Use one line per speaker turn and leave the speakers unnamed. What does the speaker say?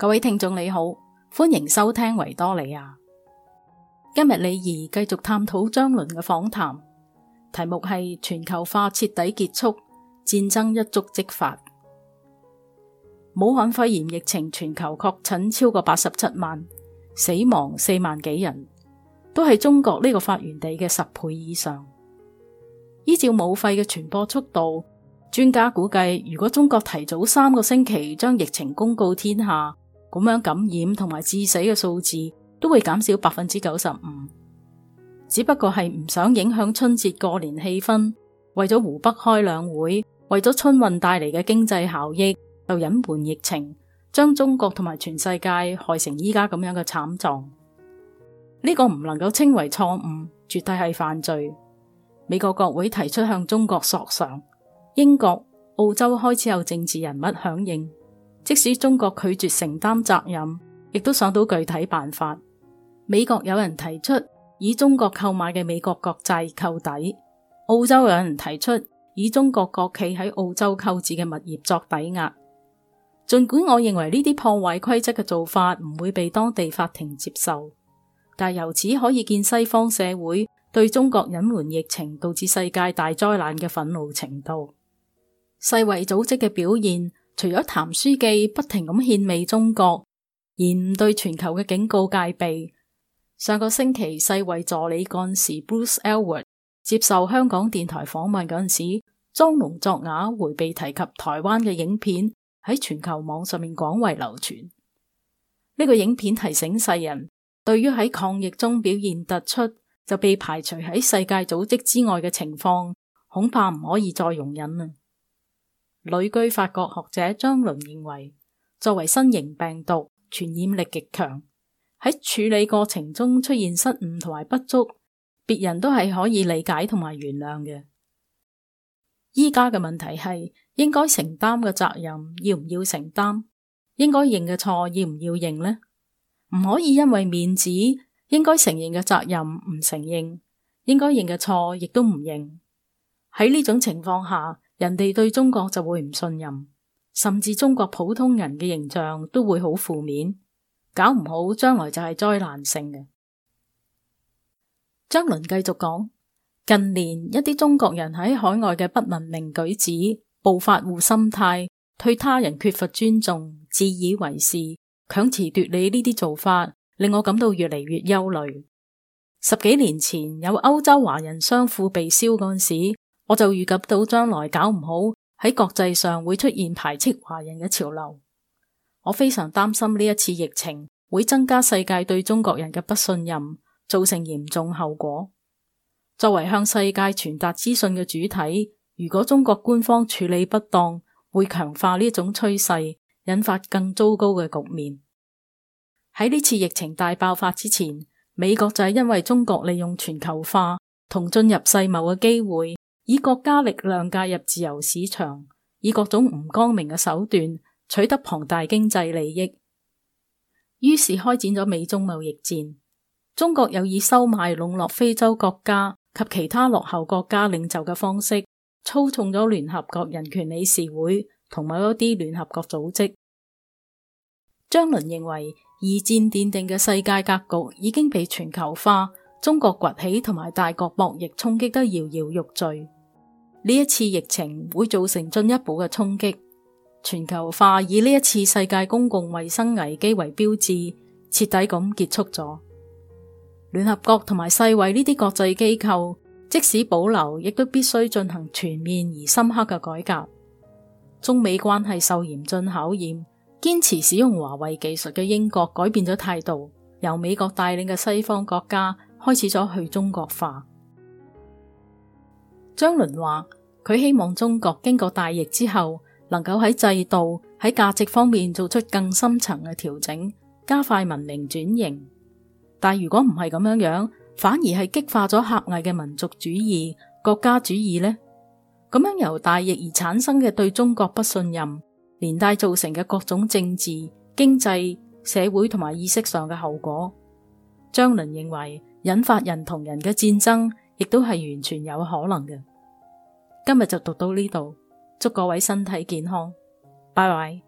各位聽眾你好，歡迎收聽維多利亞。今日李怡繼續探討張倫嘅訪談，題目係全球化徹底結束，戰爭一觸即發。武漢肺炎疫情全球確診超過八十七萬，死亡四萬幾人，都係中國呢個發源地嘅十倍以上。依照武肺嘅傳播速度，專家估計如果中國提早三個星期將疫情公告天下。咁樣感染同埋致死嘅數字都會減少百分之九十五，只不過係唔想影響春節過年氣氛，為咗湖北開兩會，為咗春運帶嚟嘅經濟效益，就隱瞞疫情，將中國同埋全世界害成依家咁樣嘅慘狀，呢個唔能夠稱為錯誤，絕對係犯罪。美國國會提出向中國索償，英國、澳洲開始有政治人物響應。即使中國拒絕承擔責任，亦都想到具體辦法。美國有人提出以中國購買嘅美國國債扣抵，澳洲有人提出以中國國企喺澳洲購置嘅物業作抵押。盡管我認為呢啲破壞規則嘅做法唔會被當地法庭接受，但由此可以見西方社會對中國隱瞞疫情導致世界大災難嘅憤怒程度。世衛組織嘅表現。除咗譚書記不停咁獻媚中國，而唔對全球嘅警告戒備，上個星期世衛助理幹事 Bruce Aylward 接受香港電台訪問嗰陣時，裝聾作啞回避提及台灣嘅影片喺全球網上面廣為流傳。呢個影片提醒世人，對於喺抗疫中表現突出就被排除喺世界組織之外嘅情況，恐怕唔可以再容忍啦。旅居法國學者張倫認為，作為新型病毒，傳染力極強，喺處理過程中出現失誤同埋不足，別人都係可以理解同埋原諒嘅。依家嘅問題係應該承擔嘅責任要唔要承擔？應該認嘅錯要唔要認呢？唔可以因為面子，應該承認嘅責任唔承認，應該認嘅錯亦都唔認。喺呢種情況下，人哋對中國就會唔信任，甚至中國普通人嘅形象都會好負面，搞唔好將來就係災難性嘅。張倫繼續講：近年一啲中國人喺海外嘅不文明舉止、暴發戶心態、對他人缺乏尊重、自以為是、強詞奪理呢啲做法，令我感到越嚟越憂慮。十幾年前有歐洲華人商舖被燒案時，我就預感到將來搞唔好喺國際上會出現排斥華人嘅潮流。我非常擔心呢一次疫情會增加世界對中國人嘅不信任，造成嚴重後果。作為向世界傳達資訊嘅主體，如果中國官方處理不當，會強化呢種趨勢，引發更糟糕嘅局面。喺呢次疫情大爆發之前，美國就係因為中國利用全球化同進入世貿嘅機會。以國家力量介入自由市場，以各種唔光明嘅手段取得龐大經濟利益。於是開展咗美中貿易戰。中國又以收買籠絡非洲國家及其他落後國家領袖嘅方式，操縱咗聯合國人權理事會同某一啲聯合國組織。張倫認為，二戰奠定嘅世界格局已經被全球化、中國崛起同埋大國博弈衝擊得搖搖欲墜。呢一次疫情會造成進一步嘅衝擊，全球化以呢一次世界公共衛生危機為標誌，徹底咁結束咗。聯合國同埋世衛呢啲國際機構，即使保留，亦都必須進行全面而深刻嘅改革。中美關係受嚴峻考驗，堅持使用華為技術嘅英國改變咗態度，由美國帶領嘅西方國家開始咗去中國化。張倫話：佢希望中國經過大疫之後，能夠喺制度、喺價值方面做出更深層嘅調整，加快文明轉型。但如果唔係咁樣樣，反而係激化咗狹隘嘅民族主義、國家主義呢？咁樣由大疫而產生嘅對中國不信任，連帶造成嘅各種政治、經濟、社會同埋意識上嘅後果，張倫認為引發人同人嘅戰爭。亦都係完全有可能嘅。今日就讀到呢度，祝各位身體健康，拜拜。